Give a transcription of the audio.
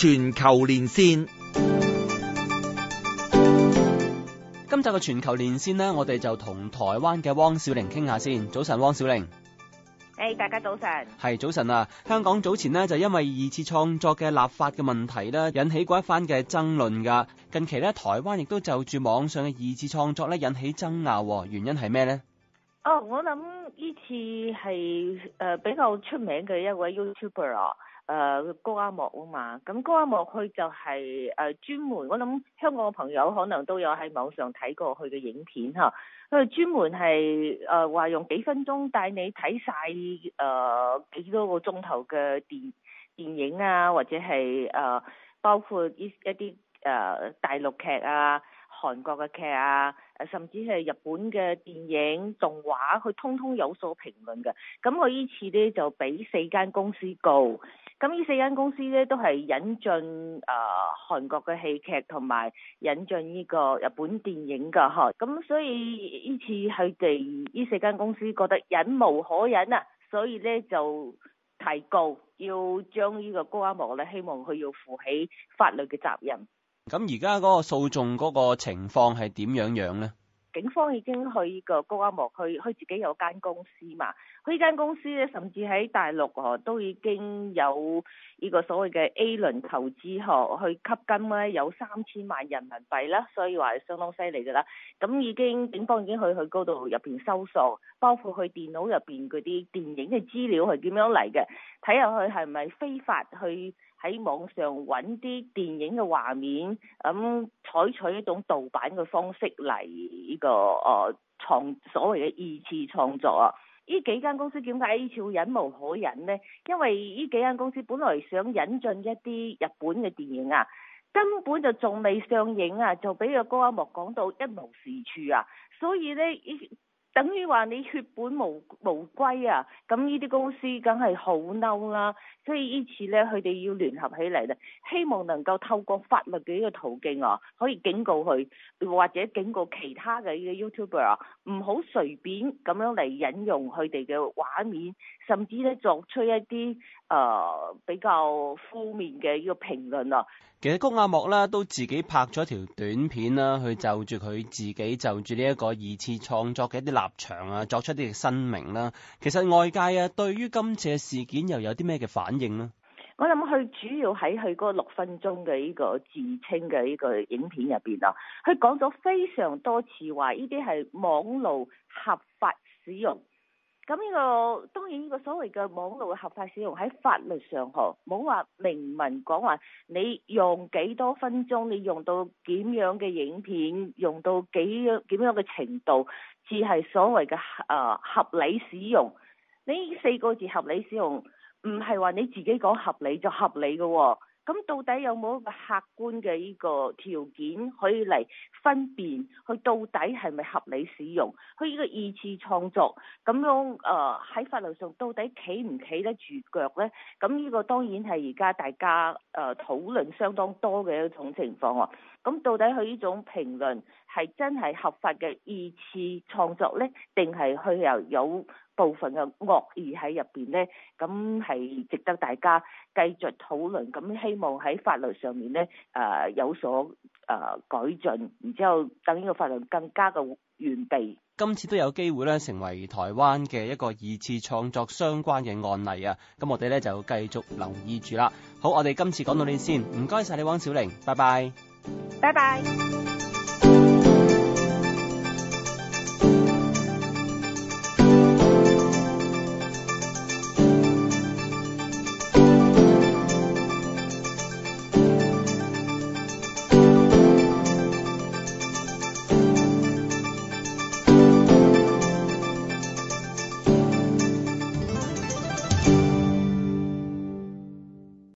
全球連線，今集嘅全球連線呢，我哋就同台灣嘅汪小玲傾下先。早晨，汪小玲。誒，hey, 大家早晨。係早晨啊，香港早前呢，就因為二次創作嘅立法嘅問題咧，引起過一番嘅爭論噶。近期咧，台灣亦都就住網上嘅二次創作咧，引起爭拗，原因係咩呢？哦，oh, 我諗呢次係誒比較出名嘅一位 YouTuber 啊。誒谷、呃、阿莫啊嘛，咁谷阿莫佢就係、是、誒、呃、專門，我諗香港嘅朋友可能都有喺網上睇過佢嘅影片嚇，佢專門係誒話用幾分鐘帶你睇晒誒幾多個鐘頭嘅電電影啊，或者係誒、呃、包括一啲誒、呃、大陸劇啊、韓國嘅劇啊，甚至係日本嘅電影動畫，佢通通有所評論嘅。咁佢依次呢，就俾四間公司告。咁呢四間公司咧都係引進誒、呃、韓國嘅戲劇同埋引進呢個日本電影㗎，呵。咁所以呢次佢哋呢四間公司覺得忍無可忍啊，所以咧就提告，要將個呢個谷阿莫咧，希望佢要負起法律嘅責任。咁而家嗰個訴訟嗰個情況係點樣樣咧？警方已經去依個谷阿莫區，佢自己有間公司嘛，佢依間公司咧，甚至喺大陸哦、啊、都已經有呢個所謂嘅 A 輪投資哦、啊，去吸金咧有三千萬人民幣啦，所以話相當犀利㗎啦。咁已經警方已經去去嗰度入邊搜索，包括佢電腦入邊嗰啲電影嘅資料係點樣嚟嘅，睇下佢係咪非法去。喺網上揾啲電影嘅畫面，咁、嗯、採取一種盜版嘅方式嚟呢、這個誒創、呃、所謂嘅二次創作啊！呢幾間公司點解呢次會忍無可忍呢？因為呢幾間公司本來想引進一啲日本嘅電影啊，根本就仲未上映啊，就俾谷阿莫講到一無是處啊，所以呢。等於話你血本無無歸啊！咁呢啲公司梗係好嬲啦，所以呢次咧，佢哋要聯合起嚟啦，希望能夠透過法律嘅一個途徑啊，可以警告佢，或者警告其他嘅呢個 YouTuber 啊唔好隨便咁樣嚟引用佢哋嘅畫面，甚至咧作出一啲誒、呃、比較負面嘅一個評論啊。其實谷阿莫啦，都自己拍咗條短片啦，去就住佢自己就住呢一個二次創作嘅一啲。立場啊，作出啲嘅聲明啦。其實外界啊，對於今次嘅事件又有啲咩嘅反應呢？我諗佢主要喺佢嗰六分鐘嘅呢個自稱嘅呢個影片入邊啊，佢講咗非常多次話呢啲係網路合法使用。咁呢、這個當然呢個所謂嘅網絡嘅合法使用喺法律上學，冇話明文講話你用幾多分鐘，你用到點樣嘅影片，用到幾樣點樣嘅程度，至係所謂嘅、呃、合理使用。你呢四個字合理使用，唔係話你自己講合理就合理嘅喎、哦。咁到底有冇一個客觀嘅依個條件可以嚟分辨佢到底係咪合理使用？佢呢個二次創作咁樣誒喺、呃、法律上到底企唔企得住腳呢？咁呢個當然係而家大家誒、呃、討論相當多嘅一種情況喎。咁到底佢呢種評論係真係合法嘅二次創作呢？定係佢又有部分嘅惡意喺入邊咧，咁係值得大家繼續討論。咁希望喺法律上面咧，誒有所誒改進，然之後等呢個法律更加嘅完備。今次都有機會咧，成為台灣嘅一個二次創作相關嘅案例啊！咁我哋咧就繼續留意住啦。好，我哋今次講到呢先，唔該晒你，汪小玲，拜拜，拜拜。